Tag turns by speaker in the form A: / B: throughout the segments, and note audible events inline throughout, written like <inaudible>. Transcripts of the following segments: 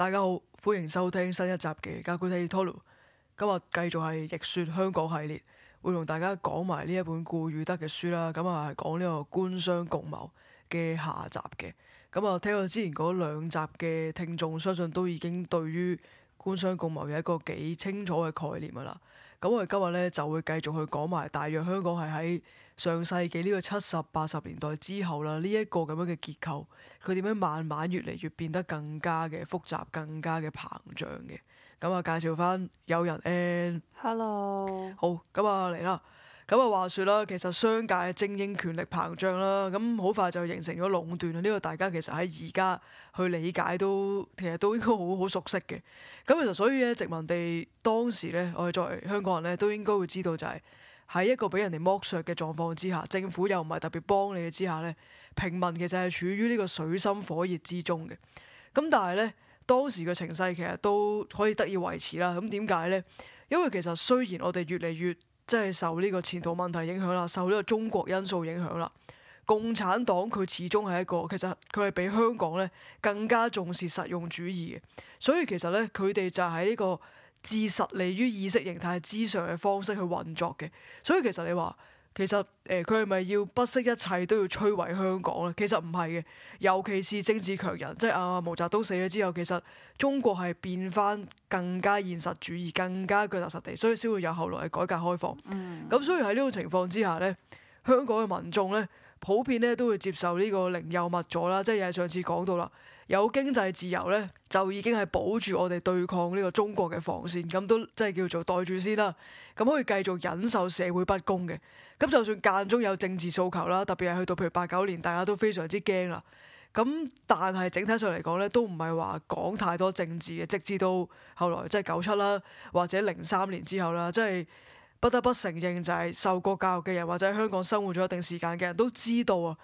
A: 大家好，歡迎收聽新一集嘅《教古體史》，討今日繼續係逆說香港系列，會同大家講埋呢一本顧汝德嘅書啦。咁啊，講呢個官商共謀嘅下集嘅。咁啊，聽過之前嗰兩集嘅聽眾，相信都已經對於官商共謀有一個幾清楚嘅概念㗎啦。咁我哋今日咧就會繼續去講埋，大約香港係喺。上世紀呢個七十八十年代之後啦，呢一個咁樣嘅結構，佢點樣慢慢越嚟越變得更加嘅複雜、更加嘅膨脹嘅。咁啊，介紹返有人，誒，Hello，好，咁啊嚟啦。咁啊話説啦，其實商界精英權力膨脹啦，咁好快就形成咗壟斷啦。呢個大家其實喺而家去理解都，其實都應該好好熟悉嘅。咁其實所以咧，殖民地當時咧，我哋作為香港人咧，都應該會知道就係。喺一個俾人哋剝削嘅狀況之下，政府又唔係特別幫你之下咧，平民其實係處於呢個水深火熱之中嘅。咁但係咧，當時嘅情勢其實都可以得以維持啦。咁點解咧？因為其實雖然我哋越嚟越即係受呢個前途問題影響啦，受呢個中國因素影響啦，共產黨佢始終係一個其實佢係比香港咧更加重視實用主義嘅。所以其實咧，佢哋就喺呢個自實利於意識形態之上嘅方式去運作嘅，所以其實你話其實誒佢係咪要不惜一切都要摧毀香港咧？其實唔係嘅，尤其是政治強人，即係啊毛澤東死咗之後，其實中國係變翻更加現實主義、更加腳踏實地，所以先會有後來嘅改革開放。咁、嗯、所以喺呢種情況之下咧，香港嘅民眾咧普遍咧都會接受呢個寧右勿左啦，即係又係上次講到啦。有經濟自由呢，就已經係保住我哋對抗呢個中國嘅防線，咁都即係叫做袋住先啦。咁可以繼續忍受社會不公嘅，咁就算間中有政治訴求啦，特別係去到譬如八九年，大家都非常之驚啦。咁但係整體上嚟講呢，都唔係話講太多政治嘅，直至到後來即係九七啦，或者零三年之後啦，即係不得不承認就係受過教育嘅人或者喺香港生活咗一定時間嘅人都知道啊。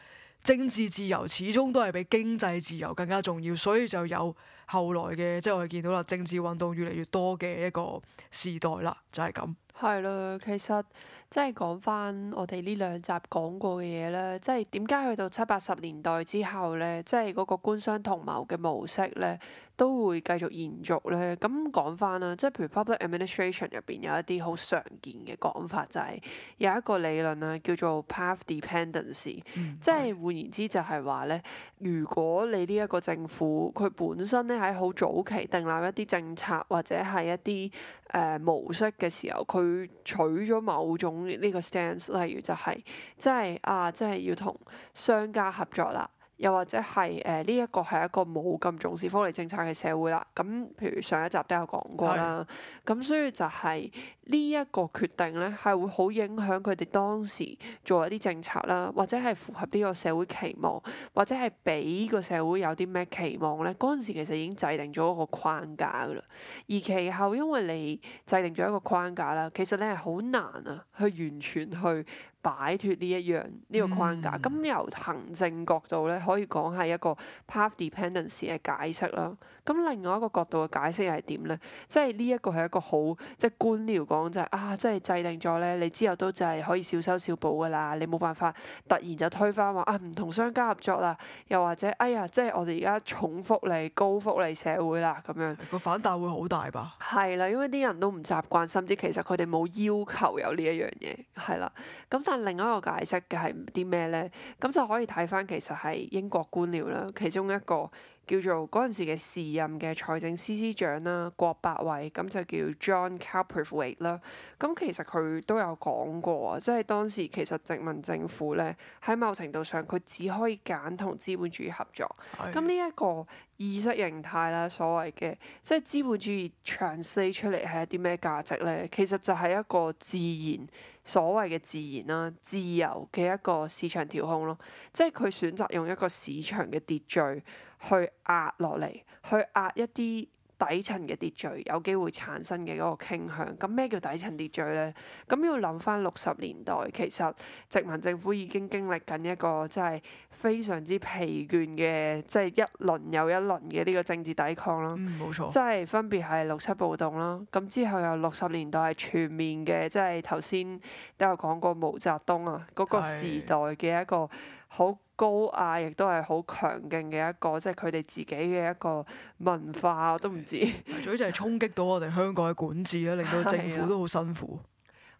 A: 政治自由始終都係比經濟自由更加重要，所以就有後來嘅，即係我哋見到啦，政治運動越嚟越多嘅一個時代啦，就係咁。
B: 係啦，其實即係講翻我哋呢兩集講過嘅嘢咧，即係點解去到七八十年代之後咧，即係嗰個官商同謀嘅模式咧，都會繼續延續咧。咁講翻啦，即係譬如 public administration 入邊有一啲好常見嘅講法，就係、是、有一個理論啦，叫做 path dependence、嗯。即係換言之，就係話咧，如果你呢一個政府佢本身咧喺好早期訂立一啲政策或者係一啲誒、呃、模式嘅時候，佢取咗某種呢個 stance，例如就係、是、即係啊，即係要同商家合作啦。又或者係誒呢一個係一個冇咁重視福利政策嘅社會啦，咁譬如上一集都有講過啦，咁對所以就係呢一個決定咧，係會好影響佢哋當時做一啲政策啦，或者係符合呢個社會期望，或者係俾個社會有啲咩期望咧？嗰陣時其實已經制定咗一個框架㗎啦，而其後因為你制定咗一個框架啦，其實你係好難啊去完全去。擺脱呢一樣呢、這個框架，咁、嗯、由行政角度咧，可以講係一個 path dependence 嘅解釋啦。咁另外一個角度嘅解釋係點咧？即係呢一個係一個好即係官僚講就係、是、啊，即係制定咗咧，你之後都就係可以小修小補嘅啦。你冇辦法突然就推翻話啊，唔同商家合作啦。又或者哎呀，即係我哋而家重福利高福利社會啦咁樣。個反彈會好大吧？係啦，因為啲人都唔習慣，甚至其實佢哋冇要求有呢一樣嘢係啦。咁但係另外一個解釋嘅係啲咩咧？咁就可以睇翻其實係英國官僚啦，其中一個。叫做嗰陣時嘅時任嘅財政司司長啦，郭伯偉咁就叫 John Cowperthwaite 啦。咁其實佢都有講過，即係當時其實殖民政府咧，喺某程度上佢只可以揀同資本主義合作。咁呢一個意識形態啦，所謂嘅即係資本主義強勢出嚟係一啲咩價值咧？其實就係一個自然所謂嘅自然啦，自由嘅一個市場調控咯，即係佢選擇用一個市場嘅秩序。去壓落嚟，去壓一啲底層嘅秩序，有機會產生嘅嗰個傾向。咁咩叫底層秩序咧？咁要諗翻六十年代，其實殖民政府已經經歷緊一個即係非常之疲倦嘅，即係一輪又一輪嘅呢個政治抵抗啦。嗯，冇錯。即係分別係六七暴動啦，咁之後又六十年代係全面嘅，即係頭先都有講過毛澤東啊，嗰個時代嘅一個好。高壓亦都係好強勁嘅一個，即係佢哋自己嘅一個文化，我都唔知。總
A: 之就係衝擊到我哋香港嘅管治啊，令到政府都好辛苦。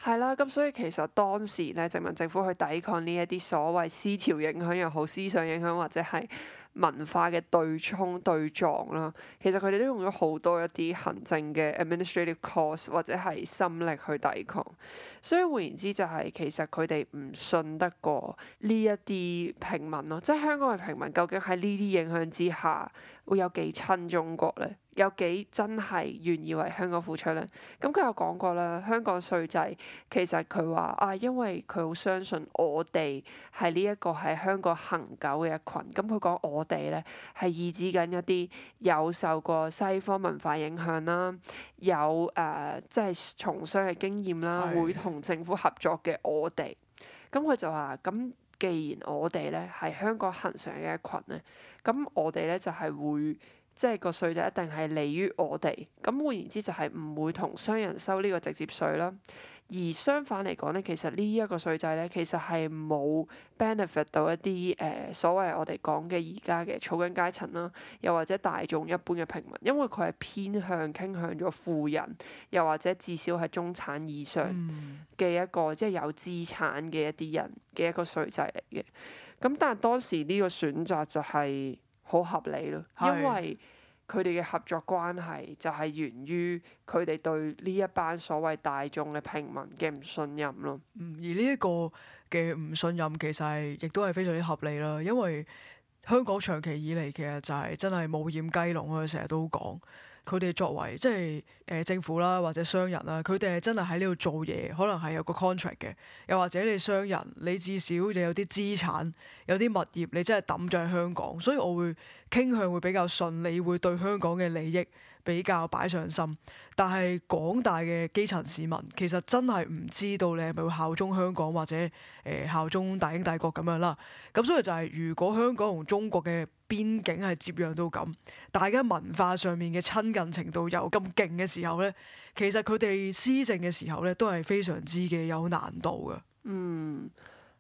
B: 係啦，咁所以其實當時咧，殖民政府去抵抗呢一啲所謂思潮影響又好、思想影響或者係。文化嘅對沖對撞啦，其實佢哋都用咗好多一啲行政嘅 administrative cost 或者係心力去抵抗，所以換言之就係其實佢哋唔信得過呢一啲平民咯，即係香港嘅平民究竟喺呢啲影響之下會有幾親中國咧？有幾真係願意為香港付出咧？咁佢有講過啦，香港稅制其實佢話啊，因為佢好相信我哋係呢一個係香港恒久嘅一群。咁佢講我哋咧係意指緊一啲有受過西方文化影響啦，有誒即係從商嘅經驗啦，的會同政府合作嘅我哋。咁佢就話：咁既然我哋咧係香港恒常嘅一群咧，咁我哋咧就係、是、會。即係個稅制一定係利於我哋，咁換言之就係唔會同商人收呢個直接稅啦。而相反嚟講咧，其實稅呢一個稅制咧，其實係冇 benefit 到一啲誒、呃、所謂我哋講嘅而家嘅草根階層啦，又或者大眾一般嘅平民，因為佢係偏向傾向咗富人，又或者至少係中產以上嘅一個、嗯、即係有資產嘅一啲人嘅一個稅制嚟嘅。咁但係當時呢個選擇就係、是。好合理咯，因為佢哋嘅合作關係就係源於佢哋對呢一班所謂大眾嘅平民嘅唔信任咯。嗯，
A: 而呢一個嘅唔信任其實係亦都係非常之合理啦，因為香港長期以嚟其實就係真係冇掩雞籠啊，成日都講。佢哋作為即係誒政府啦，或者商人啦，佢哋係真係喺呢度做嘢，可能係有個 contract 嘅，又或者你商人，你至少你有啲資產，有啲物業，你真係抌咗喺香港，所以我會傾向會比較順利，會對香港嘅利益。比較擺上心，但係廣大嘅基層市民其實真係唔知道你係咪會效忠香港或者誒、呃、效忠大英帝國咁樣啦。咁所以就係如果香港同中國嘅邊境係接壤到咁，大家文化上面嘅親近程度又咁勁嘅時候呢，其實佢哋施政嘅時候呢，都係非常之嘅有難度嘅。
B: 嗯。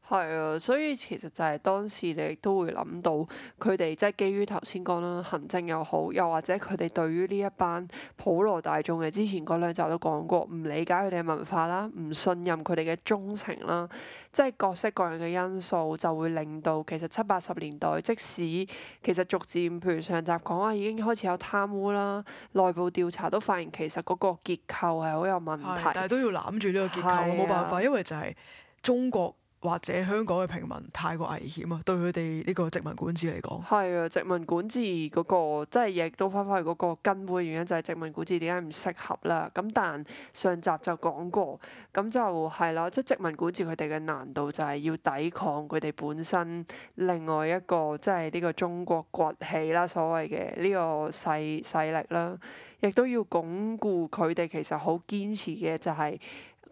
B: 係啊，所以其實就係當時你都會諗到佢哋，即係基於頭先講啦，行政又好，又或者佢哋對於呢一班普羅大眾嘅，之前嗰兩集都講過，唔理解佢哋嘅文化啦，唔信任佢哋嘅忠誠啦，即係各式各樣嘅因素就會令到其實七八十年代，即使其實逐漸，譬如上集講啊，已經開始有貪污啦，內部調查都發現其實嗰個結構係
A: 好有問題，但係都要攬住呢個結構，冇辦法，因為就係中國。或者香港嘅平民太過危險啊，對佢哋呢個殖民管治嚟講。係啊，殖民管治
B: 嗰個即係亦都翻翻去嗰個根本原因，就係殖民管治點解唔適合啦。咁但上集就講過，咁就係啦，即係殖民管治佢哋嘅難度就係要抵抗佢哋本身另外一個即係呢個中國崛起啦，所謂嘅呢個勢勢力啦，亦都要鞏固佢哋其實好堅持嘅就係。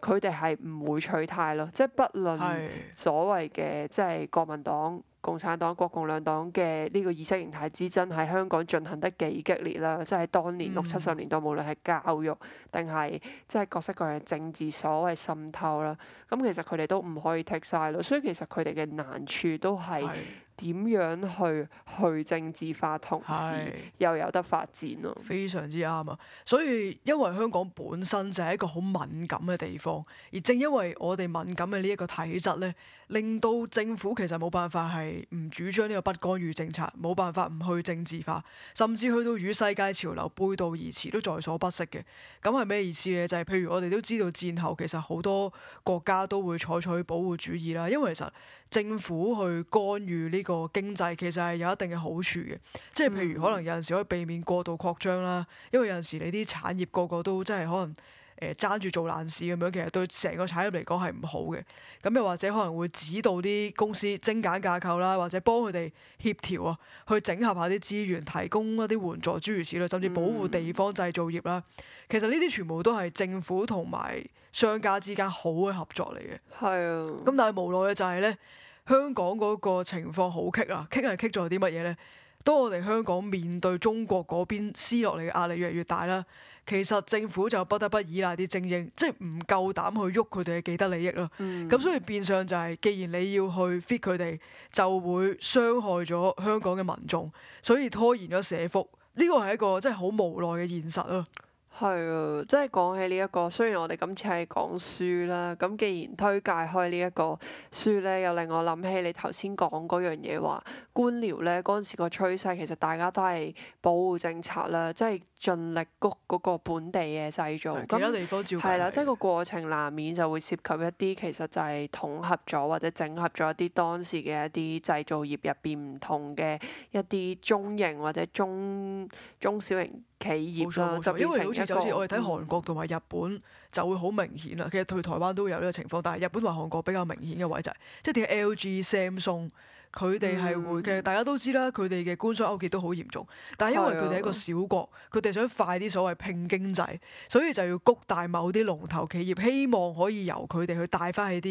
B: 佢哋係唔會取態咯，即係不論所謂嘅的即係國民黨、共產黨、國共兩黨嘅呢個意識形態之爭喺香港進行得幾激烈啦，即係當年六七十年代，嗯、無論係教育定係即係各色各樣政治所謂滲透啦，咁其實佢哋都唔可以剔晒咯，所以其實佢哋嘅難處都係，點樣去去政治化，同時
A: 又有得發展咯？非常之啱啊！所以因為香港本身就係一個好敏感嘅地方，而正因為我哋敏感嘅呢一個體質呢，令到政府其實冇辦法係唔主張呢個不干預政策，冇辦法唔去政治化，甚至去到與世界潮流背道而馳，都在所不惜嘅。咁係咩意思呢？就係、係、譬如我哋都知道戰後其實好多國家都會採取保護主義啦，因為其實。政府去干預呢個經濟其實係有一定嘅好處嘅，即係譬如可能有陣時可以避免過度擴張啦，因為有陣時你啲產業個個都真係可能誒、呃、爭住做難事咁樣，其實對成個產業嚟講，係唔好嘅。咁又或者可能會指導啲公司精簡架構啦，或者幫佢哋協調啊，去整合下啲資源，提供一啲援助諸如此類，甚至保護地方製造業啦。其實呢啲全部都係政府同埋。商家之間好嘅合作嚟嘅，係啊。咁但係無奈嘅就係呢，香港嗰個情況好棘啦，棘係棘咗啲乜嘢呢？當我哋香港面對中國嗰邊施落嚟嘅壓力越嚟越大啦，其實政府就不得不依賴啲精英，即係唔夠膽去喐佢哋嘅既得利益咯。咁、嗯、所以變相就係、是，既然你要去 fit 佢哋，就會傷害咗香港嘅民眾，所以拖延咗社福。呢個係一個真係好無奈嘅現實啊！係啊，即係講起呢一個，
B: 雖然我哋今次係講書啦，咁既然推介開呢一個書咧，又令我諗起你頭先講嗰樣嘢話。官僚咧嗰陣時個趨勢，其實大家都係保護政策啦，即係盡力谷嗰個本地嘅製造。其他地方照，係啦，即係個過程難免就會涉及一啲其實就係統合咗或者整合咗一啲當時嘅一啲製造業入邊唔同嘅一啲中型或者
A: 中中小型企業啦，錯就因為好似個、嗯、我哋睇韓國同埋日本就會好明顯啦。其實佢台灣都有呢個情況，但係日本同韓國比較明顯嘅位就係、是、即係點解 LG、Samsung。佢哋係會，其實大家都知啦，佢哋嘅官商勾結都好嚴重。但係因為佢哋係一個小國，佢哋想快啲所謂拼經濟，所以就要谷大某啲龍頭企業，希望可以由佢哋去帶翻起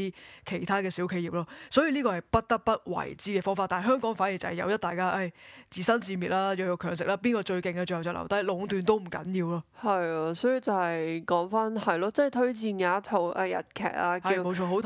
A: 啲其他嘅小企業咯。所以呢個係不得不為之嘅方法。但係香港反而就係由一大家誒、哎、自生自滅啦，弱肉強食啦，邊個最勁嘅最後就留低，壟斷都唔緊要咯。
B: 係啊，所以就係講翻係咯，即係、就是、推薦有一套誒日劇啊，叫《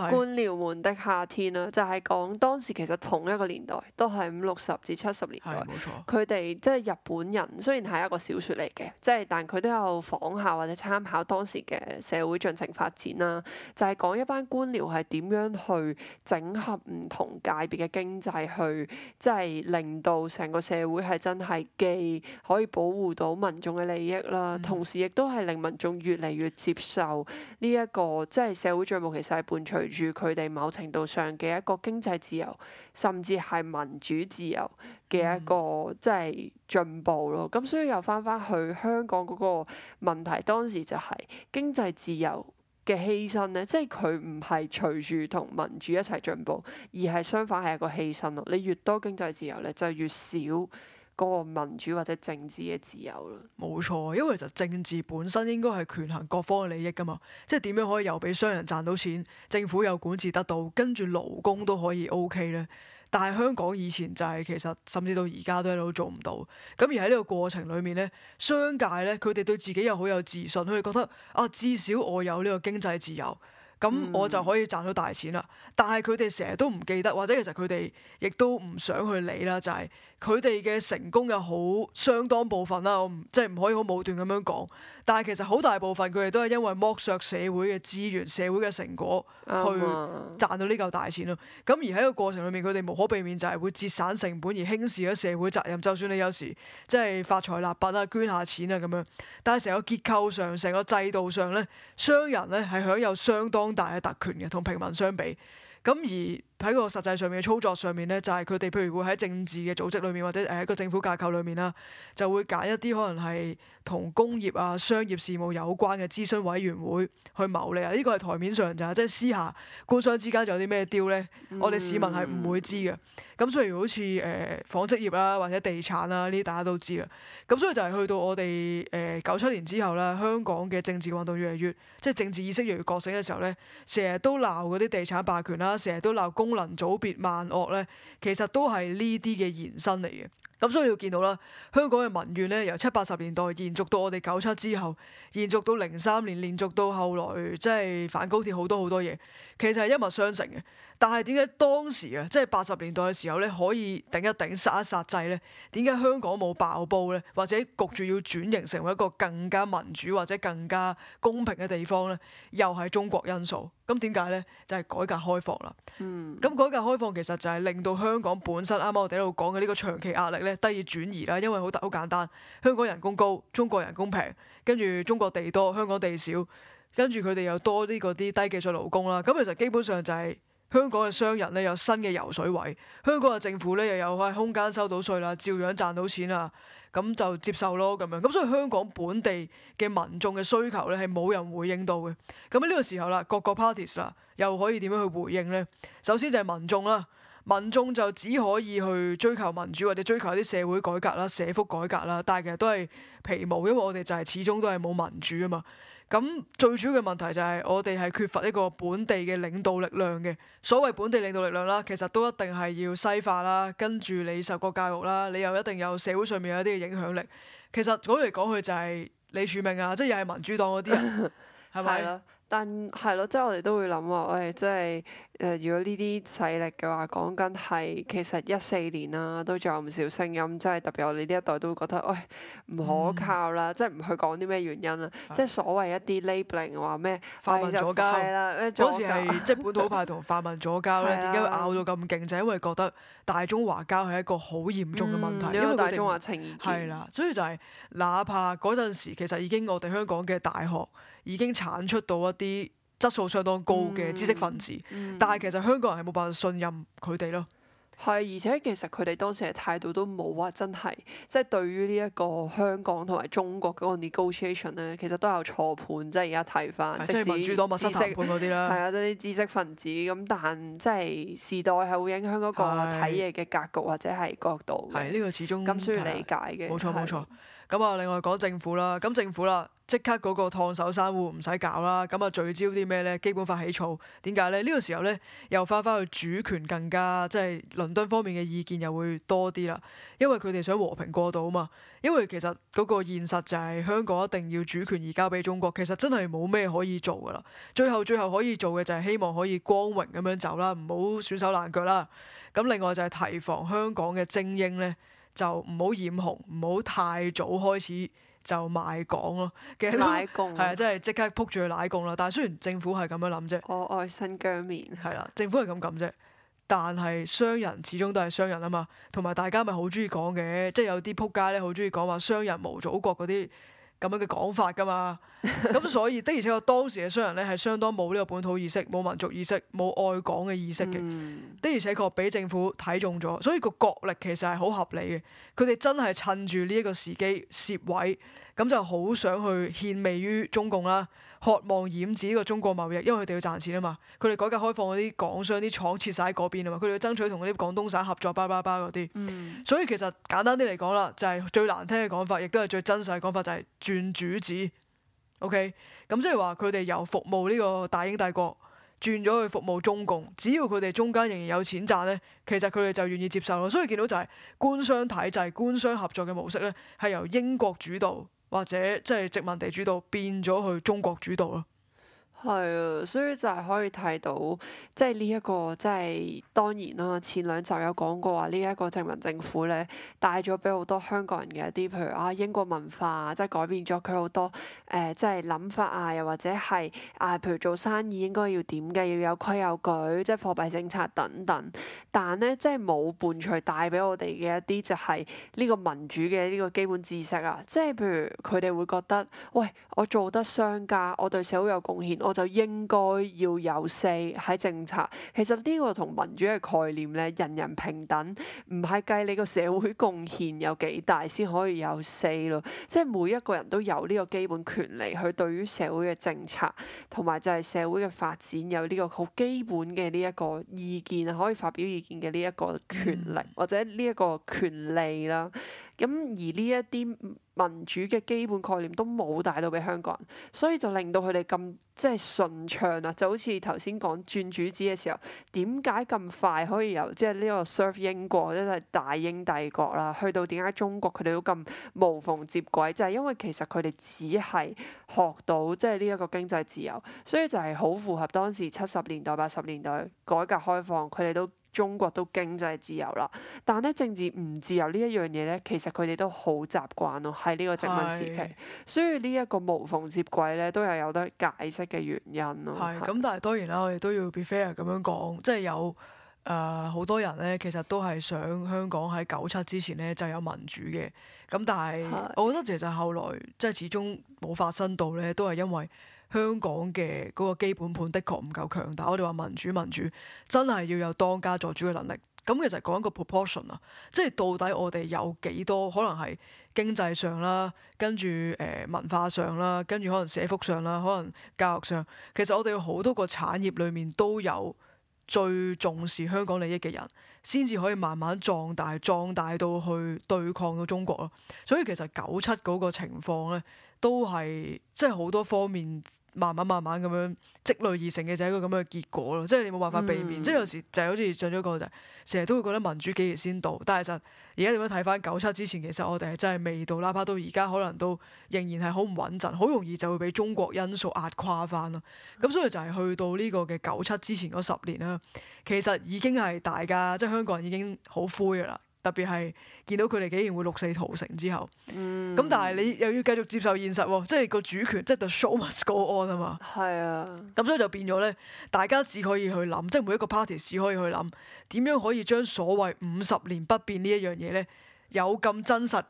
B: 官僚們的夏天》啦，就係、是、講當時其實同一個。年代都係五六十至七十年代，冇錯，佢哋即係日本人，雖然係一個小說嚟嘅，即係但佢都有仿效或者參考當時嘅社會進程發展啦。就係、是、講一班官僚係點樣去整合唔同界別嘅經濟，去即係令到成個社會係真係既可以保護到民眾嘅利益啦，嗯、同時亦都係令民眾越嚟越接受呢、這、一個即係社會進步，其實係伴隨住佢哋某程度上嘅一個經濟自由，甚至。係民主自由嘅一個、嗯、即係進步咯。咁所以又翻翻去香港嗰個問題，當時就係經濟自由嘅犧牲呢，即係佢唔係隨住同民主一齊進步，而係相反係一個犧牲咯。你越多經濟自由咧，就越少嗰個民主或者
A: 政治嘅自由咯。冇錯，因為其實政治本身應該係權衡各方嘅利益噶嘛，即係點樣可以又俾商人賺到錢，政府又管治得到，跟住勞工都可以 OK 呢。但係香港以前就係、是、其實甚至到而家都喺度做唔到，咁而喺呢個過程裏面呢，商界呢，佢哋對自己又好有自信，佢哋覺得啊，至少我有呢個經濟自由，咁我就可以賺到大錢啦。嗯、但係佢哋成日都唔記得，或者其實佢哋亦都唔想去理啦，就係、是。佢哋嘅成功有好相當部分啦，我唔即係唔可以好武斷咁樣講。但係其實好大部分佢哋都係因為剝削社會嘅資源、社會嘅成果去賺到呢嚿大錢咯。咁、嗯啊、而喺個過程裏面，佢哋無可避免就係會節省成本而輕視咗社會責任。就算你有時即係發財立品啊，捐下錢啊咁樣，但係成個結構上、成個制度上呢，商人呢係享有相當大嘅特權嘅，同平民相比。咁而喺個實際上面嘅操作上面咧，就係佢哋譬如會喺政治嘅組織裏面，或者誒喺個政府架構裏面啦，就會揀一啲可能係同工業啊、商業事務有關嘅諮詢委員會去謀利啊。呢、這個係台面上咋，即係私下官商之間有啲咩雕咧，嗯、我哋市民係唔會知嘅。咁所以好似誒紡織業啦、啊，或者地產啦呢啲大家都知啦。咁所以就係去到我哋誒九七年之後啦，香港嘅政治運動越嚟越即係政治意識越嚟越覺醒嘅時候咧，成日都鬧嗰啲地產霸權啦、啊，成日都鬧工。功能組別萬惡呢，其實都係呢啲嘅延伸嚟嘅。咁所以要見到啦，香港嘅民怨呢，由七八十年代延續到我哋九七之後，延續到零三年，連續到後來，即係反高鐵好多好多嘢，其實係一脈相承嘅。但係點解當時啊，即係八十年代嘅時候咧，可以頂一頂、殺一殺掣咧？點解香港冇爆煲咧？或者焗住要轉型成為一個更加民主或者更加公平嘅地方咧？又係中國因素。咁點解咧？就係改革開放啦。嗯。咁改革開放其實就係令到香港本身啱啱我哋喺度講嘅呢個長期壓力咧得以轉移啦。因為好特好簡單，香港人工高，中國人工平，跟住中國地多，香港地少，跟住佢哋又多啲嗰啲低技術勞工啦。咁其實基本上就係。香港嘅商人咧，有新嘅游水位，香港嘅政府咧又有喺空間收到稅啦，照樣賺到錢啦，咁就接受咯咁樣。咁所以香港本地嘅民眾嘅需求咧係冇人回應到嘅。咁喺呢個時候啦，各個 parties 啦，又可以點樣去回應呢？首先就係民眾啦，民眾就只可以去追求民主或者追求啲社會改革啦、社福改革啦，但係其實都係皮毛，因為我哋就係始終都係冇民主啊嘛。咁最主要嘅問題就係我哋係缺乏一個本地嘅領導力量嘅。所謂本地領導力量啦，其實都一定係要西化啦，跟住你受過教育啦，你又一定有社會上面有一啲嘅影響力。其實講嚟講去就係李柱銘啊，即係又係民主黨嗰啲人，係咪？ <laughs>
B: 吧 <laughs> 但係咯，即係我哋都會諗話，喂、哎，即係誒，如果呢啲勢力嘅話，講緊係其實一四年啦，都仲有唔少聲音，即係特別我哋呢一代都會覺得，喂、哎，唔可靠啦，嗯、即係唔去講啲咩原因啦，嗯、即係所謂一啲 labeling 話咩，
A: 泛民左膠。嗰時係即係本土派同泛民左膠咧，點解 <laughs> 的會拗到咁勁？就係 <laughs> 因為覺得大中華膠係一個好嚴重嘅問題，嗯、因，為因為大中華情義。係啦，所以就係哪怕嗰陣時，其實已經我哋香港嘅大學。已經產出到一啲質素相當高嘅知識分子，嗯嗯、但係其實香港人係冇辦法信任佢哋咯。
B: 係，而且其實佢哋當時嘅態度都冇話、啊、真係，即、就、係、是、對於呢一個香港同埋中國嗰個 negotiation 咧，其實都有錯判，即係而家睇返。是即係民主黨識、密室談判嗰啲啦，係啊，即啲知識分子咁，但即係時代係會影響嗰個睇嘢嘅格局或者係角度嘅。係呢、這個始終咁需要理解嘅。冇錯，冇是錯。
A: 咁啊，另外講政府啦，咁政府啦，即刻嗰個燙手山芋唔使搞啦，咁啊聚焦啲咩咧？基本法起草，點解咧？呢個時候咧，又翻返去主權更加，即係倫敦方面嘅意見又會多啲啦，因為佢哋想和平過渡啊嘛。因為其實嗰個現實就係香港一定要主權移交俾中國，其實真係冇咩可以做噶啦。最後最後可以做嘅就係希望可以光榮咁樣走啦，唔好損手爛腳啦。咁另外就係提防香港嘅精英咧。就唔好染紅，唔好太早開始就賣港咯，其實奶共，都係啊，即係即刻撲住去奶共啦。但係雖然政府係咁樣諗啫，我愛新疆面係啦，政府係咁諗啫。但係商人始終都係商人啊嘛，同埋大家咪好中意講嘅，即係有啲撲街咧，好中意講話商人冇祖國嗰啲。咁樣嘅講法㗎嘛，咁 <laughs> 所以的而且確當時嘅商人咧係相當冇呢個本土意識、冇民族意識、冇愛港嘅意識嘅，嗯、的而且確俾政府睇中咗，所以個角力其實係好合理嘅，佢哋真係趁住呢一個時機攝位。咁就好想去獻媚於中共啦，渴望染指呢個中國貿易，因為佢哋要賺錢啊嘛。佢哋改革開放嗰啲港商、啲廠設晒喺嗰邊啊嘛，佢哋要爭取同嗰啲廣東省合作、巴拉巴拉嗰啲。Mm hmm. 所以其實簡單啲嚟講啦，就係、是、最難聽嘅講法，亦都係最真實嘅講法，就係、是、轉主子。OK，咁即係話佢哋由服務呢個大英帝國轉咗去服務中共，只要佢哋中間仍然有錢賺呢，其實佢哋就願意接受咯。所以見到就係官商體制、官商合作嘅模式呢，係由英國主導。或者即係殖民地主導變咗去中國主導啦。
B: 係啊，所以就係可以睇到，即係呢一個即係當然啦。前兩集有講過話，呢一個殖民政府咧帶咗俾好多香港人嘅一啲，譬如啊英國文化，即係改變咗佢好多誒、呃，即係諗法啊，又或者係啊，譬如做生意應該要點嘅，要有規有矩，即係貨幣政策等等。但咧，即係冇伴隨帶俾我哋嘅一啲，就係呢個民主嘅呢個基本知識啊。即係譬如佢哋會覺得，喂，我做得商家，我對社會有貢獻，我就應該要有四喺政策，其實呢個同民主嘅概念咧，人人平等，唔係計你個社會貢獻有幾大先可以有四咯，即係每一個人都有呢個基本權利，去對於社會嘅政策同埋就係社會嘅發展有呢個好基本嘅呢一個意見，可以發表意見嘅呢一個權利或者呢一個權利啦。咁而呢一啲民主嘅基本概念都冇帶到俾香港人，所以就令到佢哋咁即係順暢啊！就好似頭先講轉主子嘅時候，點解咁快可以由即係呢個 serve 英國或者係大英帝國啦，去到點解中國佢哋都咁無縫接軌，就係因為其實佢哋只係學到即係呢一個經濟自由，所以就係好符合當時七十年代八十年代改革開放，佢哋都。中國都經濟自由啦，但咧政治唔自由呢一樣嘢咧，其實佢哋都好習慣咯，喺呢個殖民時期，是所以呢一個無縫接軌咧，都係有得解釋嘅原因咯。係咁是，是
A: 但係當然啦，我哋都要 be fair 咁樣講，即係有誒好、呃、多人咧，其實都係想香港喺九七之前咧就有民主嘅，咁但係我覺得其實後來即係始終冇發生到咧，都係因為。香港嘅嗰個基本盤的確唔夠強大，我哋話民主民主真係要有當家作主嘅能力。咁其實講一個 proportion 啊，即係到底我哋有幾多可能係經濟上啦，跟住誒、呃、文化上啦，跟住可能社福上啦，可能教育上，其實我哋有好多個產業裏面都有最重視香港利益嘅人，先至可以慢慢壯大，壯大到去對抗到中國咯。所以其實九七嗰個情況咧，都係即係好多方面，慢慢慢慢咁樣積累而成嘅就係一個咁樣嘅結果咯，即係你冇辦法避免。嗯、即係有時就係好似上咗個就係，成日都會覺得民主幾時先到？但係就而家點樣睇翻九七之前，其實我哋係真係未到，哪怕到而家可能都仍然係好唔穩陣，好容易就會畀中國因素壓垮翻咯。咁、嗯、所以就係去到呢個嘅九七之前嗰十年啦，其實已經係大家即係香港人已經好灰噶啦。特別係見到佢哋竟然會六四屠城之後，咁、嗯、但係你又要繼續接受現實，即係個主權，即係 the show must go on 啊嘛、嗯。係啊。咁所以就變咗咧，大家只可以去諗，即係每一個 party 只可以去諗，點樣可以將所謂五十年不變呢一樣嘢咧，有咁真實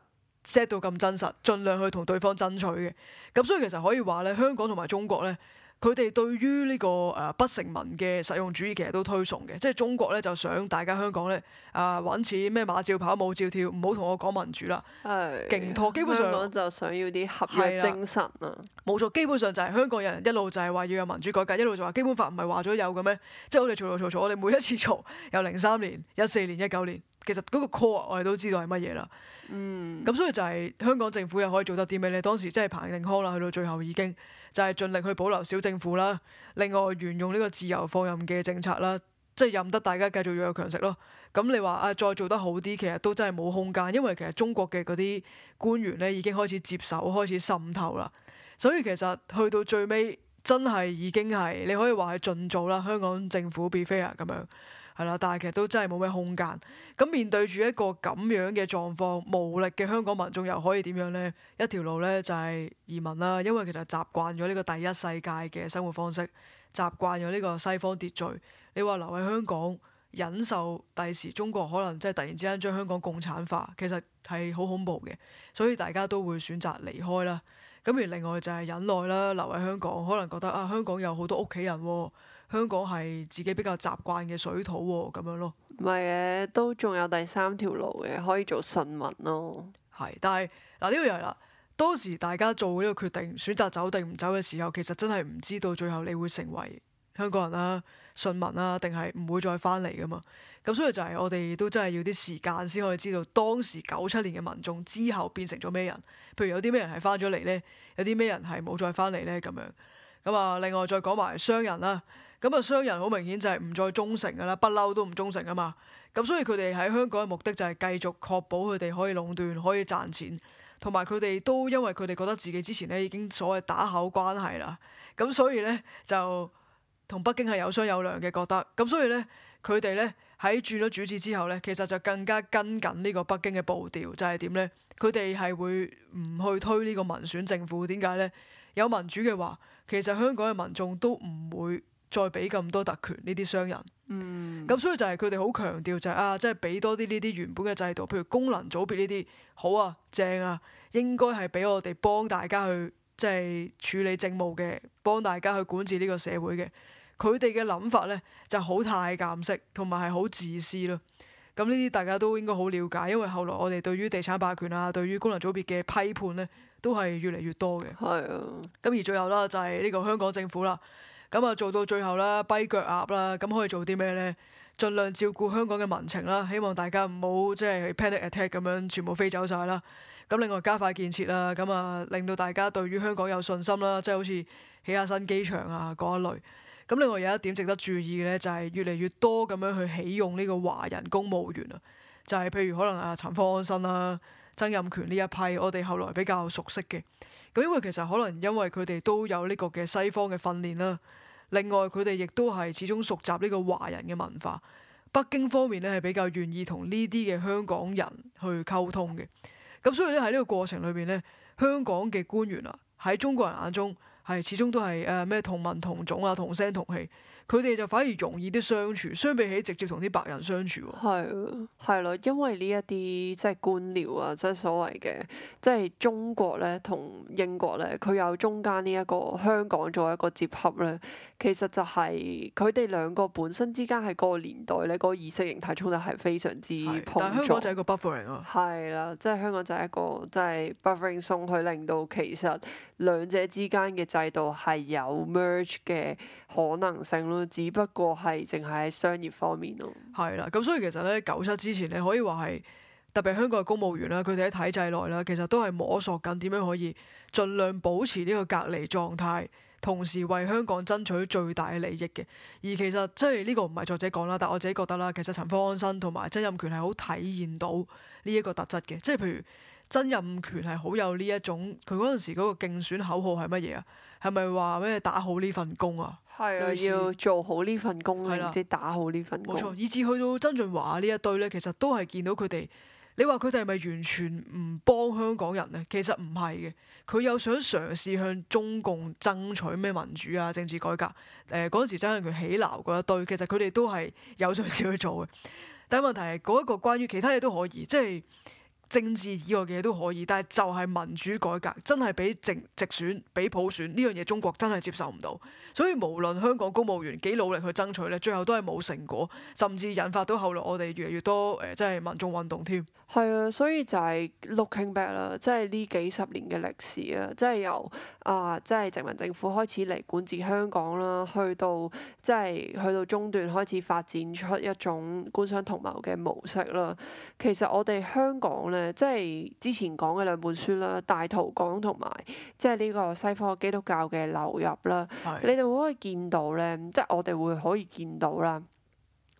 A: set 到咁真實，盡量去同對方爭取嘅。咁所以其實可以話咧，香港同埋中國咧。佢哋對於呢個誒不成文嘅實用主義其實都推崇嘅，即係中國咧就想大家香港咧啊揾錢咩，馬照跑，舞照跳，唔好同我講民主啦，係
B: 勁、哎、拖。香港基本上就想要啲合約精神啊，
A: 冇錯，基本上就係香港人一路就係話要有民主改革，一路就話基本法唔係話咗有嘅咩？即係我哋嘈嘈嘈嘈，我哋每一次嘈，有零三年、一四年、一九年，其實嗰個 call 我哋都知道係乜嘢啦。咁、嗯、所以就係香港政府又可以做得啲咩咧？當時即係彭定康啦，去到最後已經。就係盡力去保留小政府啦，另外沿用呢個自由放任嘅政策啦，即係任得大家繼續要弱肉強食咯。咁你話啊，再做得好啲，其實都真係冇空間，因為其實中國嘅嗰啲官員呢已經開始接手，開始滲透啦。所以其實去到最尾，真係已經係你可以話係盡做啦，香港政府 be fair 咁樣。係啦，但係其實都真係冇咩空間。咁面對住一個咁樣嘅狀況，無力嘅香港民眾又可以點樣呢？一條路呢就係、是、移民啦，因為其實習慣咗呢個第一世界嘅生活方式，習慣咗呢個西方秩序。你話留喺香港忍受，第時中國可能即係突然之間將香港共產化，其實係好恐怖嘅。所以大家都會選擇離開啦。咁而另外就係忍耐啦，留喺香港可能覺得啊，香港有好多屋企人喎、哦。香港係自己比較習慣嘅水土喎、哦，咁樣咯。唔
B: 係嘅，都仲有第三條路嘅，可以做信民咯。係，但
A: 係嗱呢個又係啦。當時大家做呢個決定，選擇走定唔走嘅時候，其實真係唔知道最後你會成為香港人啦、啊、信民啦、啊，定係唔會再翻嚟噶嘛。咁所以就係我哋都真係要啲時間先可以知道當時九七年嘅民眾之後變成咗咩人。譬如有啲咩人係翻咗嚟呢，有啲咩人係冇再翻嚟呢。咁樣。咁啊，另外再講埋商人啦、啊。咁啊，商人好明顯就係唔再忠誠噶啦，不嬲都唔忠誠啊嘛。咁所以佢哋喺香港嘅目的就係繼續確保佢哋可以壟斷，可以賺錢，同埋佢哋都因為佢哋覺得自己之前呢已經所謂打口關係啦。咁所以呢，就同北京係有商有量嘅，覺得咁所以呢，佢哋呢喺轉咗主子之後呢，其實就更加跟緊呢個北京嘅步調就係點呢？佢哋係會唔去推呢個民選政府？點解呢？有民主嘅話，其實香港嘅民眾都唔會。再俾咁多特權呢啲商人，咁、嗯、所以就係佢哋好強調就係、是、啊，即係俾多啲呢啲原本嘅制度，譬如功能組別呢啲好啊，正啊，應該係俾我哋幫大家去即係、就是、處理政務嘅，幫大家去管治呢個社會嘅。佢哋嘅諗法呢，就好太監式，同埋係好自私咯。咁呢啲大家都應該好了解，因為後來我哋對於地產霸權啊，對於功能組別嘅批判呢，都係越嚟越多嘅。係咁、嗯、而最後啦，就係、是、呢個香港政府啦。咁啊做到最後啦，跛腳鴨啦，咁可以做啲咩呢？盡量照顧香港嘅民情啦，希望大家唔好即係 panic attack 咁樣全部飛走晒啦。咁另外加快建設啦，咁啊令到大家對於香港有信心啦，即係好似起下新機場啊嗰一類。咁另外有一點值得注意嘅呢，就係越嚟越多咁樣去起用呢個華人公務員啊，就係譬如可能啊陳方安生啦、曾蔭權呢一批，我哋後來比較熟悉嘅。咁因為其實可能因為佢哋都有呢個嘅西方嘅訓練啦。另外佢哋亦都係始終熟習呢個華人嘅文化，北京方面咧係比較願意同呢啲嘅香港人去溝通嘅。咁所以咧喺呢個過程裏邊咧，香港嘅官員啊喺中國人眼中係始終都係誒咩同文同種啊、同聲同氣，佢哋就反而容易啲相處，相比起直接同啲白人相處。
B: 係啊，係咯，因為呢一啲即係官僚啊，即係所謂嘅即係中國咧同英國咧，佢有中間呢一個香港作為一個接洽咧。其實就係佢哋兩個本身之間喺嗰個年代咧，嗰、那個意識形態衝突係非常之碰撞。但香港就
A: 係一個 buffering 啊。
B: 係啦，即係香港就係一個即係、就是、buffering，送去令到其實兩者之間嘅制度係有 merge 嘅可能性咯，嗯、只不過係淨係喺商業方面咯。
A: 係啦，咁所以其實咧，九七之前咧，可以話係特別香港嘅公務員啦，佢哋喺體制內啦，其實都係摸索緊點樣可以盡量保持呢個隔離狀態。同時為香港爭取最大嘅利益嘅，而其實即係呢個唔係作者講啦，但我自己覺得啦，其實陳方安生同埋曾蔭權係好體現到呢一個特質嘅，即係譬如曾蔭權係好有呢一種，佢嗰陣時嗰個競選口號係乜嘢啊？係咪話咩打好呢份工啊？係啊，要做好呢份工啊，或者打好呢份工。冇錯，以至去到曾俊華呢一堆呢，其實都係見到佢哋。你話佢哋係咪完全唔幫香港人呢？其實唔係嘅。佢又想嘗試向中共爭取咩民主啊、政治改革。誒，嗰陣時曾蔭權起撈嗰一堆，其實佢哋都係有嘗試去做嘅。但係問題係嗰一個關於其他嘢都可以，即係。政治以外嘅嘢都可以，但係就係民主改革真係比直直選比普選呢樣嘢，中國真係接受唔到。所以無論香港公務員幾努力去爭取咧，最後都係冇成果，甚至引發到後來我哋越嚟越多誒即係民眾運動添。
B: 係啊，所以就係 looking back 啦，即係呢幾十年嘅歷史啊，即係由。啊，即係殖民政府開始嚟管治香港啦，去到即係去到中段開始發展出一種官商同謀嘅模式啦。其實我哋香港咧，即係之前講嘅兩本書啦，《大逃港》同埋即係呢個西方基督教嘅流入啦。係 你哋會可以見到咧，即係我哋會可以見到啦。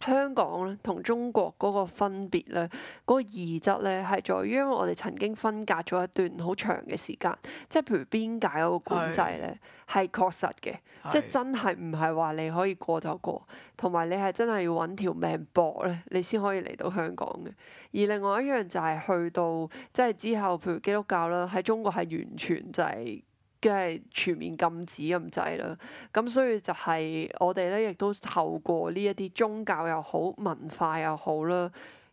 B: 香港咧同中國嗰個分別咧，嗰、嗰個異質咧係在於，因為我哋曾經分隔咗一段好長嘅時間，即係譬如邊界嗰個管制咧係的確實嘅，的即係真係唔係話你可以過就過，同埋你係真係要搵條命搏咧，你先可以嚟到香港嘅。而另外一樣就係去到即係、就係、之後，譬如基督教啦，喺中國係完全就係、係。嘅係全面禁止咁滯啦，咁所以就係、是、我哋咧，亦都透過呢一啲宗教又好、文化又好啦。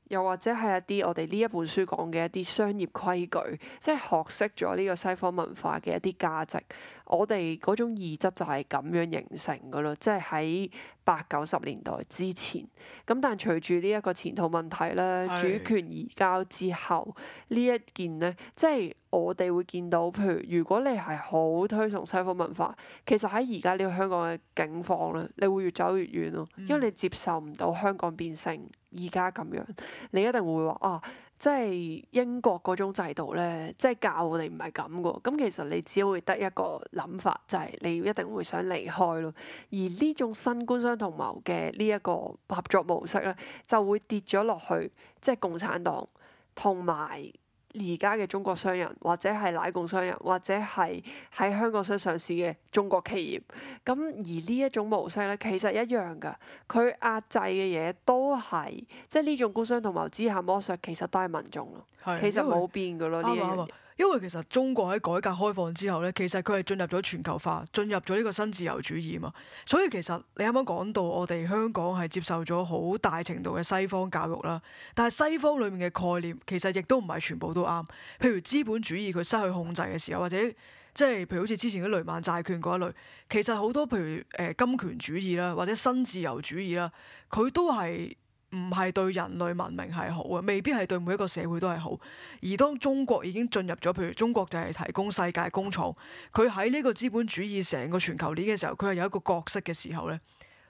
B: 又或者係一啲我哋呢一本書講嘅一啲商業規矩，即係學識咗呢個西方文化嘅一啲價值，我哋嗰種意質就係咁樣形成噶咯。即係喺八九十年代之前，咁但係隨住呢一個前途問題咧，的主權移交之後，呢一件咧，即係我哋會見到，譬如如果你係好推崇西方文化，其實喺而家呢個香港嘅境況咧，你會越走越遠咯，因為你接受唔到香港變成。而家咁樣，你一定會話啊，即係英國嗰種制度咧，即係教你唔係咁嘅，咁其實你只會得一個諗法，就係你一定會想離開咯。而呢種新官商同謀嘅呢一個合作模式咧，就會跌咗落去，即係共產黨同埋。而家嘅中國商人，或者係奶共商人，或者係喺香港想上市嘅中國企業，咁而呢一種模式咧，其實一樣噶。佢壓制嘅嘢都係，即係呢種官商同謀之下剝削，其實都係民眾咯。是其實冇變噶咯呢一樣。為這些
A: 因為其實中國喺改革開放之後呢，其實佢係進入咗全球化，進入咗呢個新自由主義嘛。所以其實你啱啱講到我哋香港係接受咗好大程度嘅西方教育啦，但係西方裡面嘅概念其實亦都唔係全部都啱。譬如資本主義佢失去控制嘅時候，或者即係、就是、譬如好似之前嘅雷曼債券嗰一類，其實好多譬如誒金權主義啦，或者新自由主義啦，佢都係。唔係對人類文明係好嘅，未必係對每一個社會都係好。而當中國已經進入咗，譬如中國就係提供世界工廠，佢喺呢個資本主義成個全球鏈嘅時候，佢係有一個角色嘅時候呢。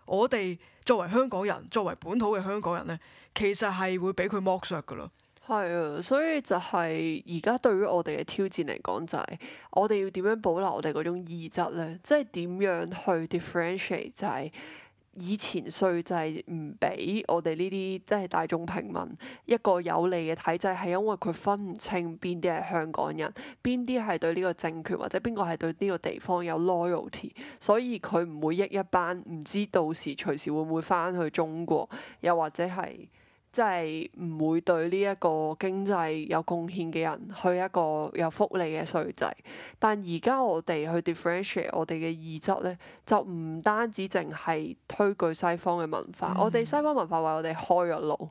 A: 我哋作為香港人，作為本土嘅香港人呢，其實係會俾佢剝削㗎啦。
B: 係啊，所以就係而家對於我哋嘅挑戰嚟講、就係，就係我哋要點樣保留我哋嗰種意質呢？即係點樣去 differentiate？就係、係。以前稅制唔俾我哋呢啲即係大眾平民一個有利嘅體制，係因為佢分唔清邊啲係香港人，邊啲係對呢個政權或者邊個係對呢個地方有 loyalty，所以佢唔會益一班唔知到時隨時會唔會翻去中國，又或者係。即係唔會對呢一個經濟有貢獻嘅人去一個有福利嘅稅制，但而家我哋去 differentiate 我哋嘅意質呢，就唔單止淨係推舉西方嘅文化，嗯、我哋西方文化為我哋開咗路，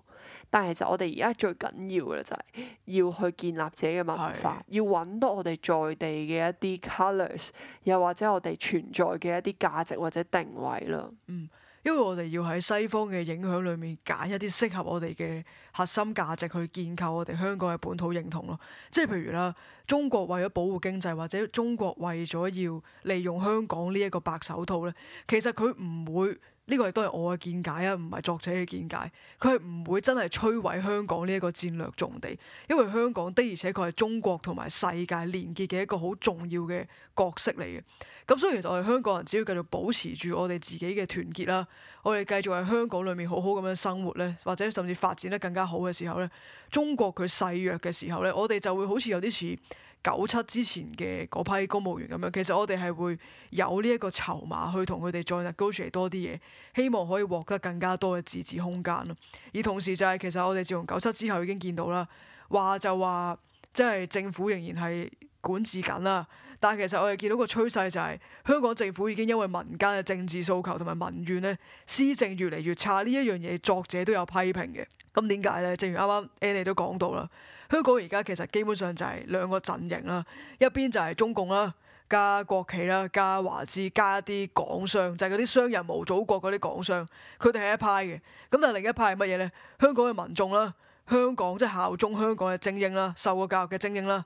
B: 但係就我哋而家最緊要嘅就係要去建立自己嘅文化，是要揾到我哋在地嘅一啲 colors，又或者我哋存在嘅一啲價值或者定位啦。嗯。
A: 因為我哋要喺西方嘅影響裏面揀一啲適合我哋嘅核心價值去建構我哋香港嘅本土認同咯，即係譬如啦，中國為咗保護經濟或者中國為咗要利用香港呢一個白手套咧，其實佢唔會呢個亦都係我嘅見解啊，唔係作者嘅見解，佢係唔會真係摧毀香港呢一個戰略重地，因為香港的而且確係中國同埋世界連結嘅一個好重要嘅角色嚟嘅。咁所以其實我哋香港人只要繼續保持住我哋自己嘅團結啦，我哋繼續喺香港裏面好好咁樣生活咧，或者甚至發展得更加好嘅時候咧，中國佢細弱嘅時候咧，我哋就會好似有啲似九七之前嘅嗰批公務員咁樣，其實我哋係會有呢一個籌碼去同佢哋再 negotiate 多啲嘢，希望可以獲得更加多嘅自治空間咯。而同時就係，其實我哋自從九七之後已經見到啦，話就話即係政府仍然係管治緊啦。但係其實我哋見到個趨勢就係、是、香港政府已經因為民間嘅政治訴求同埋民怨呢，施政越嚟越差呢一樣嘢，作者都有批評嘅。咁點解呢？正如啱啱 Annie 都講到啦，香港而家其實基本上就係兩個陣營啦，一邊就係中共啦加國企啦加華資，加啲港商，就係嗰啲商人無祖國嗰啲港商，佢哋係一派嘅。咁但係另一派係乜嘢呢？香港嘅民眾啦，香港即係、就是、效忠香港嘅精英啦，受過教育嘅精英啦。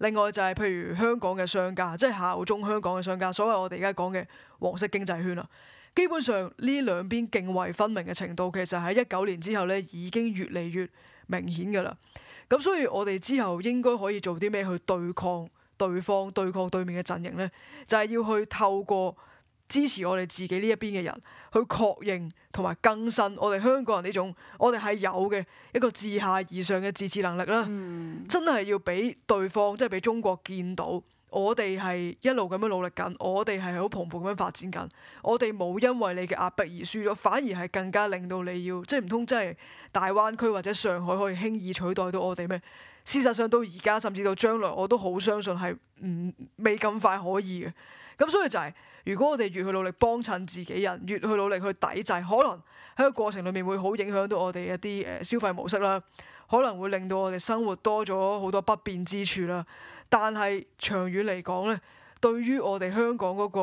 A: 另外就係譬如香港嘅商家，即係效忠香港嘅商家，所謂我哋而家講嘅黃色經濟圈啦。基本上呢兩邊涇渭分明嘅程度，其實喺一九年之後呢已經越嚟越明顯㗎啦。咁所以我哋之後應該可以做啲咩去對抗對方、對抗對面嘅陣營呢？就係、是、要去透過。支持我哋自己呢一邊嘅人，去確認同埋更新我哋香港人呢種，我哋係有嘅一個自下而上嘅自治能力啦。嗯、真係要俾對方，即係俾中國見到，我哋係一路咁樣努力緊，我哋係好蓬勃咁樣發展緊，我哋冇因為你嘅壓迫而輸咗，反而係更加令到你要，即係唔通真係大灣區或者上海可以輕易取代到我哋咩？事實上到而家甚至到將來，我都好相信係唔未咁快可以嘅。咁所以就係，如果我哋越去努力幫襯自己人，越去努力去抵制，可能喺個過程裏面會好影響到我哋一啲誒消費模式啦，可能會令到我哋生活多咗好多不便之處啦。但係長遠嚟講咧，對於我哋香港嗰個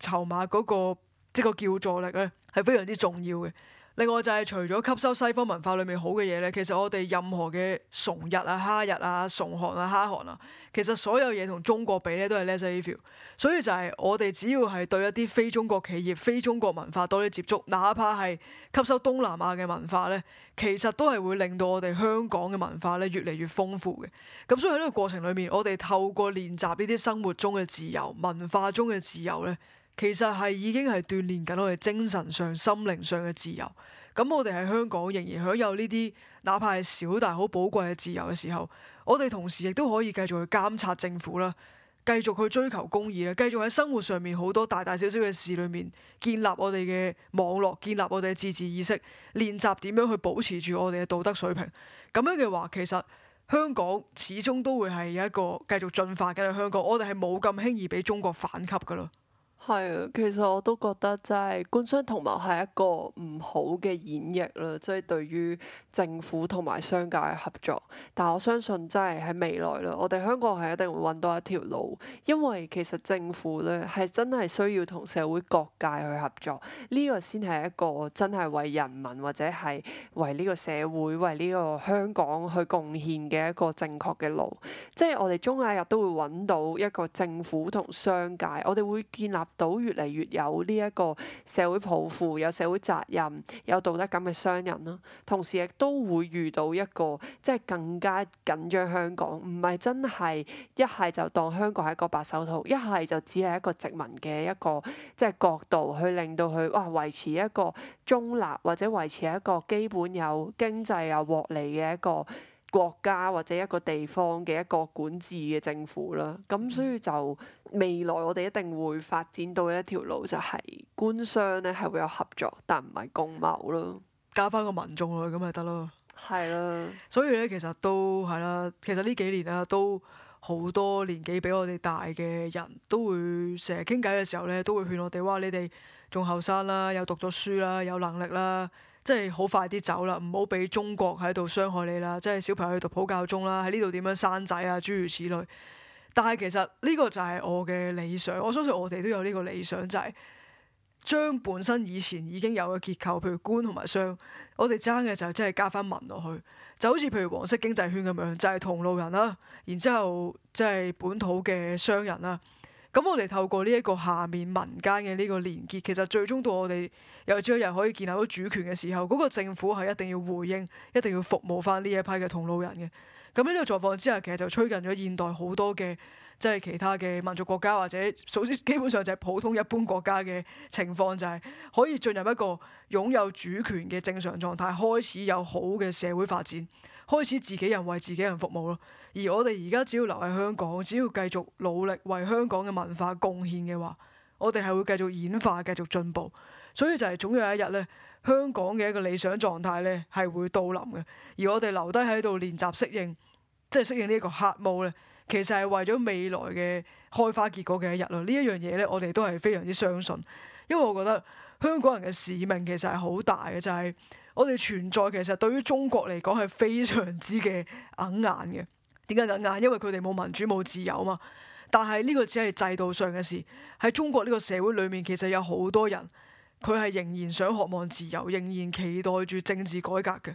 A: 籌碼嗰個即個叫助力咧，係非常之重要嘅。另外就係、是、除咗吸收西方文化裏面好嘅嘢咧，其實我哋任何嘅崇日啊、哈日啊、崇韓啊、哈韓啊，其實所有嘢同中國比咧都係 less evil。所以就係我哋只要係對一啲非中國企業、非中國文化多啲接觸，哪怕係吸收東南亞嘅文化咧，其實都係會令到我哋香港嘅文化咧越嚟越豐富嘅。咁所以喺呢個過程裏面，我哋透過練習呢啲生活中嘅自由、文化中嘅自由咧。其實係已經係鍛鍊緊我哋精神上、心靈上嘅自由。咁我哋喺香港仍然享有呢啲，哪怕係小但好寶貴嘅自由嘅時候，我哋同時亦都可以繼續去監察政府啦，繼續去追求公義啦，繼續喺生活上面好多大大小小嘅事裏面建立我哋嘅網絡，建立我哋嘅自治意識，練習點樣去保持住我哋嘅道德水平。咁樣嘅話，其實香港始終都會係有一個繼續進化緊嘅香港。我哋係冇咁輕易俾中國反擊㗎咯。
B: 係啊，其實我都覺得真係官商同謀係一個唔好嘅演繹啦，即係對於政府同埋商界嘅合作。但我相信真係喺未來啦，我哋香港係一定會揾到一條路，因為其實政府呢係真係需要同社會各界去合作，呢個先係一個真係為人民或者係為呢個社會、為呢個香港去貢獻嘅一個正確嘅路。即係我哋終有一日都會揾到一個政府同商界，我哋會建立到越嚟越有呢一個社會抱負，有社會責任、有道德感嘅商人啦，同時亦都會遇到一個即係更加緊張香港，唔係真係一係就當香港係一個白手套，一係就只係一個殖民嘅一個即係角度去令到佢哇維持一個中立或者維持一個基本有經濟又獲利嘅一個。國家或者一個地方嘅一個管治嘅政府啦，咁所以就未來我哋一定會發展到一條路，就係官商咧係會有合作，但唔係共謀咯。
A: 加翻個民眾咯，咁咪得咯。係咯的。所以咧，其實都係啦。其實呢幾年啊，都好多年紀比我哋大嘅人都會成日傾偈嘅時候咧，都會勸我哋話：你哋仲後生啦，有讀咗書啦，有能力啦。即係好快啲走啦，唔好俾中國喺度傷害你啦！即係小朋友去讀普教中啦，喺呢度點樣生仔啊，諸如此類。但係其實呢個就係我嘅理想，我相信我哋都有呢個理想，就係將本身以前已經有嘅結構，譬如官同埋商，我哋爭嘅時候即係加翻民落去，就好似譬如黃色經濟圈咁樣，就係同路人啦，然之後即係本土嘅商人啦。咁我哋透過呢一個下面民間嘅呢個連結，其實最終到我哋。有朝一日可以建立到主權嘅時候，嗰個政府係一定要回應，一定要服務翻呢一批嘅同路人嘅。咁呢個狀況之下，其實就催生咗現代好多嘅即係其他嘅民族國家或者甚至基本上就係普通一般國家嘅情況，就係可以進入一個擁有主權嘅正常狀態，開始有好嘅社會發展，開始自己人為自己人服務咯。而我哋而家只要留喺香港，只要繼續努力為香港嘅文化貢獻嘅話，我哋係會繼續演化，繼續進步。所以就係總有一日咧，香港嘅一個理想狀態咧係會到臨嘅。而我哋留低喺度練習適應，即係適應呢一個黑幕咧，其實係為咗未來嘅開花結果嘅一日咯。呢一樣嘢咧，我哋都係非常之相信，因為我覺得香港人嘅使命其實係好大嘅，就係我哋存在其實對於中國嚟講係非常之嘅硬眼嘅。點解硬眼？因為佢哋冇民主、冇自由啊嘛。但係呢個只係制度上嘅事。喺中國呢個社會裏面，其實有好多人。佢係仍然想渴望自由，仍然期待住政治改革嘅。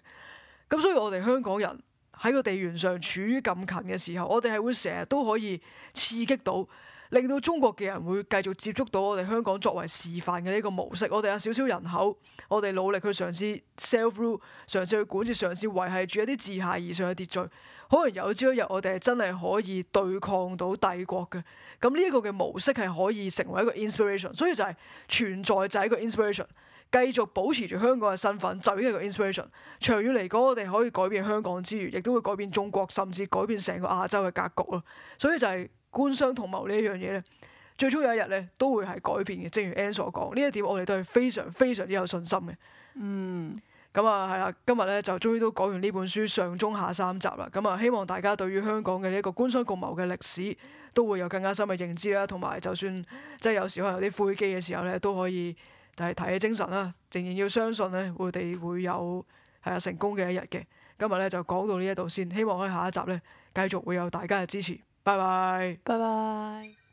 A: 咁所以我哋香港人喺個地緣上處於咁近嘅時候，我哋係會成日都可以刺激到，令到中國嘅人會繼續接觸到我哋香港作為示範嘅呢個模式。我哋有少少人口，我哋努力去嘗試 self rule，嘗試去管治，嘗試維係住一啲自下而上嘅秩序。可能有朝一日我哋係真係可以對抗到帝國嘅，咁呢一個嘅模式係可以成為一個 inspiration，所以就係存在就係一個 inspiration，繼續保持住香港嘅身份就已經係一個 inspiration。長遠嚟講，我哋可以改變香港之餘，亦都會改變中國，甚至改變成個亞洲嘅格局咯。所以就係官商同謀呢一樣嘢咧，最終有一日咧都會係改變嘅。正如 Ann 所講，呢一點我哋都係非常非常之有信心嘅。嗯。咁啊，係啦，今日咧就終於都講完呢本書上、中、下三集啦。咁啊，希望大家對於香港嘅呢一個官商共謀嘅歷史都會有更加深嘅認知啦，同埋就算即係有時可能有啲灰機嘅時候咧，都可以係提起精神啦，仍然要相信咧，我哋會有係啊成功嘅一日嘅。今日咧就講到呢一度先，希望喺下一集咧繼續會有大家嘅支持。拜拜，拜拜。